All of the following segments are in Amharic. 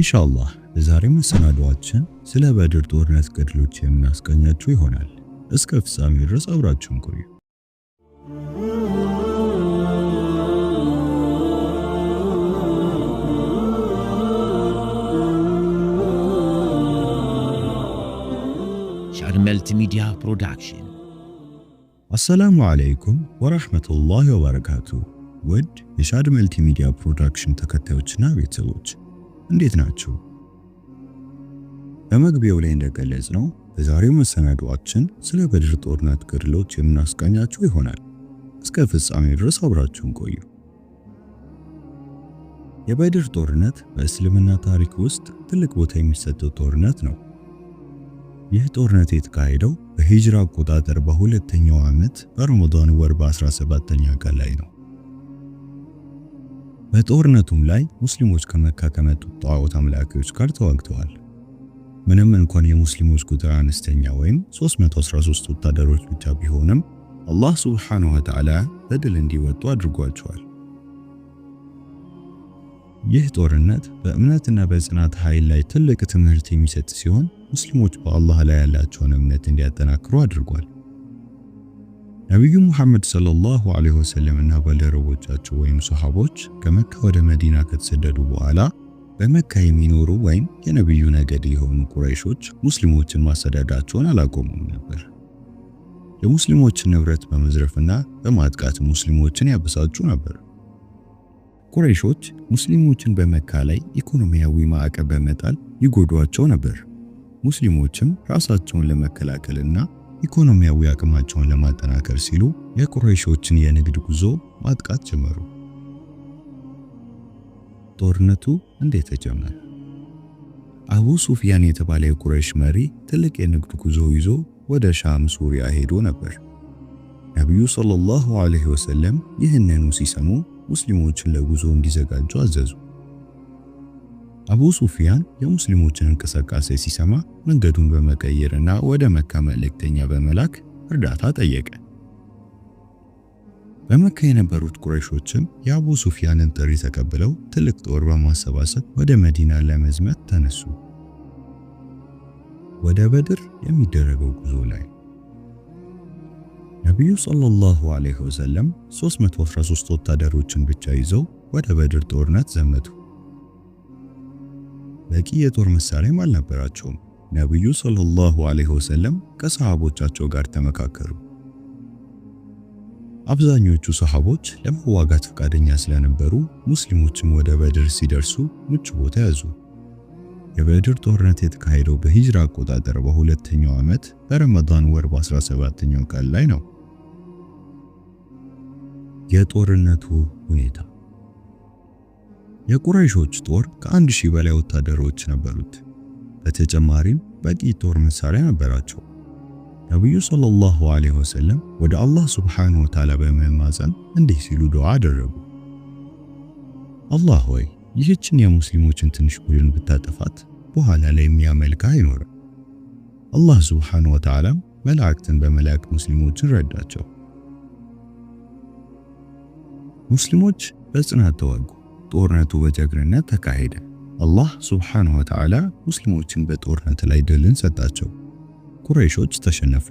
ኢንሻአላህ በዛሬ መሰናዷችን ስለ በድር ጦርነት ገድሎች የምናስቀኛችሁ ይሆናል። እስከ ፍጻሜ ድረስ አብራችሁን ቆዩ። ሻድ ሚዲያ ፕሮዳክሽን። አሰላሙ አለይኩም ወራህመቱላሂ ወበረካቱ። ውድ የሻድ መልቲሚዲያ ፕሮዳክሽን ተከታዮችና ቤተሰቦች እንዴት ናችሁ? በመግቢያው ላይ እንደገለጽ ነው በዛሬው መሰናዷችን ስለ በድር ጦርነት ገድሎች የምናስቃኛችሁ ይሆናል። እስከ ፍጻሜ ድረስ አብራችሁን ቆዩ። የበድር ጦርነት በእስልምና ታሪክ ውስጥ ትልቅ ቦታ የሚሰጠው ጦርነት ነው። ይህ ጦርነት የተካሄደው በሂጅራ አቆጣጠር በሁለተኛው ዓመት በረመዳን ወር በ17ኛ ቀን ላይ ነው። በጦርነቱም ላይ ሙስሊሞች ከመካ ከመጡ ጣዖት አምላኪዎች ጋር ተዋግተዋል። ምንም እንኳን የሙስሊሞች ቁጥር አነስተኛ ወይም 313 ወታደሮች ብቻ ቢሆንም አላህ ሱብሓነሁ ወተዓላ በድል እንዲወጡ አድርጓቸዋል። ይህ ጦርነት በእምነትና በጽናት ኃይል ላይ ትልቅ ትምህርት የሚሰጥ ሲሆን ሙስሊሞች በአላህ ላይ ያላቸውን እምነት እንዲያጠናክሩ አድርጓል። ነቢዩ ሙሐመድ ሰለላሁ ዐለይሂ ወሰለም እና ባልደረቦቻቸው ወይም ሶሐቦች ከመካ ወደ መዲና ከተሰደዱ በኋላ በመካ የሚኖሩ ወይም የነቢዩ ነገድ የሆኑ ቁረይሾች ሙስሊሞችን ማሰደዳቸውን አላቆሙም ነበር። የሙስሊሞችን ንብረት በመዝረፍና በማጥቃት ሙስሊሞችን ያበሳጩ ነበር። ቁረይሾች ሙስሊሞችን በመካ ላይ ኢኮኖሚያዊ ማዕቀብ በመጣል ይጎዷቸው ነበር። ሙስሊሞችም ራሳቸውን ለመከላከልና ኢኮኖሚያዊ አቅማቸውን ለማጠናከር ሲሉ የቁረይሾችን የንግድ ጉዞ ማጥቃት ጀመሩ። ጦርነቱ እንዴት ተጀመረ? አቡ ሱፊያን የተባለ የቁረይሽ መሪ ትልቅ የንግድ ጉዞ ይዞ ወደ ሻም ሱሪያ ሄዶ ነበር። ነቢዩ ሰለላሁ ዐለይሂ ወሰለም ይህንኑ ሲሰሙ ሙስሊሞችን ለጉዞ እንዲዘጋጁ አዘዙ። አቡ ሱፊያን የሙስሊሞችን እንቅስቃሴ ሲሰማ መንገዱን በመቀየርና ወደ መካ መልእክተኛ በመላክ እርዳታ ጠየቀ። በመካ የነበሩት ቁረይሾችም የአቡ ሱፊያንን ጥሪ ተቀብለው ትልቅ ጦር በማሰባሰብ ወደ መዲና ለመዝመት ተነሱ። ወደ በድር የሚደረገው ጉዞ ላይ ነቢዩ ሰለላሁ ዐለይሂ ወሰለም 313 ወታደሮችን ብቻ ይዘው ወደ በድር ጦርነት ዘመቱ። በቂ የጦር መሳሪያም አልነበራቸውም። ነቢዩ ሰለላሁ ዐለይሂ ወሰለም ከሰሃቦቻቸው ጋር ተመካከሩ። አብዛኞቹ ሰሃቦች ለመዋጋት ፈቃደኛ ስለነበሩ ሙስሊሞችም ወደ በድር ሲደርሱ ምቹ ቦታ ያዙ። የበድር ጦርነት የተካሄደው በሂጅራ አቆጣጠር በሁለተኛው ዓመት በረመዳን ወር በ17ኛው ቀን ላይ ነው። የጦርነቱ ሁኔታ የቁረይሾች ጦር ከአንድ ሺህ በላይ ወታደሮች ነበሩት። በተጨማሪም በቂ ጦር መሳሪያ ነበራቸው። ነቢዩ ሰለላሁ ዐለይሂ ወሰለም ወደ አላህ ሱብሓነሁ ወተዓላ በመማፀን እንዲህ ሲሉ ዱዓ አደረጉ። አላህ ሆይ ይህችን የሙስሊሞችን ትንሽ ቡድን ብታጠፋት በኋላ ላይ የሚያመልክ አይኖርም። አላህ ሱብሓነሁ ወተዓላ መላእክትን በመላክ ሙስሊሞችን ረዳቸው። ሙስሊሞች በጽናት ተዋጉ። ጦርነቱ በጀግንነት ተካሄደ። አላህ ሱብሓነሁ ወተዓላ ሙስሊሞችን በጦርነት ላይ ድልን ሰጣቸው። ቁረይሾች ተሸነፉ፣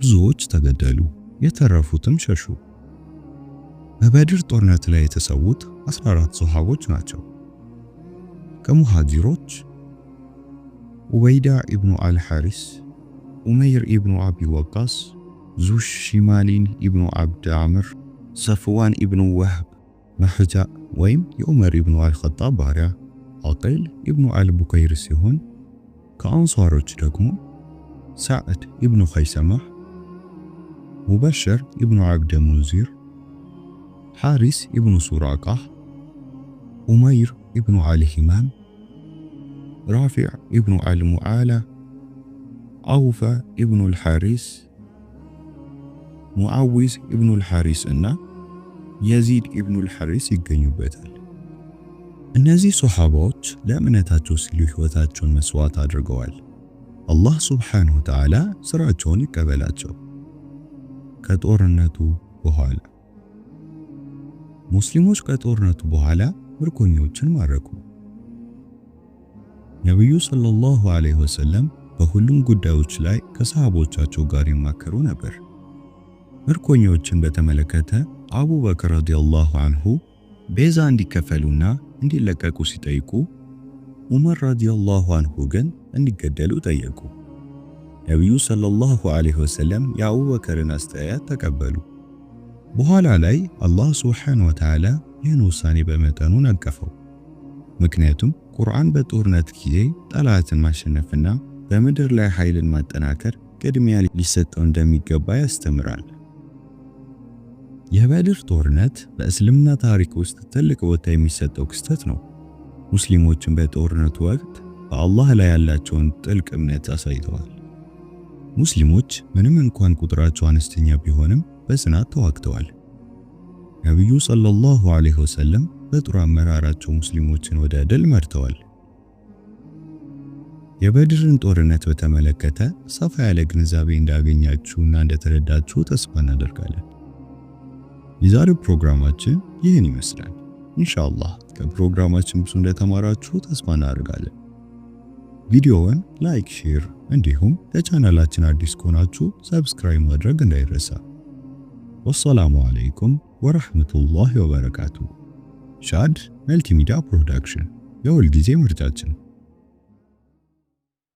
ብዙዎች ተገደሉ፣ የተረፉትም ሸሹ። በበድር ጦርነት ላይ የተሰዉት 14 ሶሐቦች ናቸው። ከሙሃጂሮች ኡበይዳ ኢብኑ አልሐሪስ፣ ኡመይር ኢብኑ አቢ ወቃስ፣ ዙሽ ሺማሊን ኢብኑ አብድ አምር፣ ሰፍዋን ኢብኑ ወህብ محجة ويم يؤمر ابن علي الخطاب بارع عطيل ابن عال بكير السهون كأنصار رجلكم سعد ابن خيسمح مبشر ابن عبد المنذر حارس ابن سراقه أمير ابن علي همام رافع ابن عال معالى عوف ابن الحارس معوز ابن الحارس النه የዚድ ኢብኑል ሐሪስ ይገኙበታል። እነዚህ ሶሐባዎች ለእምነታቸው ሲሉ ሕይወታቸውን መስዋዕት አድርገዋል። አላህ ሱብሓነሁ ወተዓላ ስራቸውን ይቀበላቸው። ከጦርነቱ በኋላ ሙስሊሞች ከጦርነቱ በኋላ ምርኮኞችን ማረኩ። ነቢዩ ሰለላሁ ዐለይሂ ወሰለም በሁሉም ጉዳዮች ላይ ከሰሃቦቻቸው ጋር ይማከሩ ነበር። ምርኮኞችን በተመለከተ አቡበክር ረዲየላሁ አንሁ ቤዛ እንዲከፈሉና እንዲለቀቁ ሲጠይቁ ዑመር ረዲየላሁ አንሁ ግን እንዲገደሉ ጠየቁ። ነቢዩ ሰለላሁ ዐለይሂ ወሰለም የአቡበክርን አስተያየት ተቀበሉ። በኋላ ላይ አላህ ሱብሓነሁ ወተዓላ ይህን ውሳኔ በመጠኑ ነቀፈው። ምክንያቱም ቁርአን በጦርነት ጊዜ ጠላትን ማሸነፍና በምድር ላይ ኃይልን ማጠናከር ቅድሚያ ሊሰጠው እንደሚገባ ያስተምራል። የበድር ጦርነት በእስልምና ታሪክ ውስጥ ትልቅ ቦታ የሚሰጠው ክስተት ነው። ሙስሊሞችን በጦርነቱ ወቅት በአላህ ላይ ያላቸውን ጥልቅ እምነት አሳይተዋል። ሙስሊሞች ምንም እንኳን ቁጥራቸው አነስተኛ ቢሆንም በጽናት ተዋግተዋል። ነቢዩ ሰለላሁ ዐለይሂ ወሰለም በጥሩ አመራራቸው ሙስሊሞችን ወደ ድል መርተዋል። የበድርን ጦርነት በተመለከተ ሰፋ ያለ ግንዛቤ እንዳገኛችሁና እንደተረዳችሁ ተስፋ እናደርጋለን። የዛሬው ፕሮግራማችን ይህን ይመስላል። ኢንሻአላህ ከፕሮግራማችን ብዙ እንደተማራችሁ ተስፋ እናደርጋለን። ቪዲዮውን ላይክ፣ ሼር እንዲሁም ለቻናላችን አዲስ ከሆናችሁ ሰብስክራይብ ማድረግ እንዳይረሳ። ወሰላሙ አለይኩም ወራህመቱላሂ ወበረካቱ። ሻድ መልቲሚዲያ ፕሮዳክሽን የሁልጊዜ ምርጫችን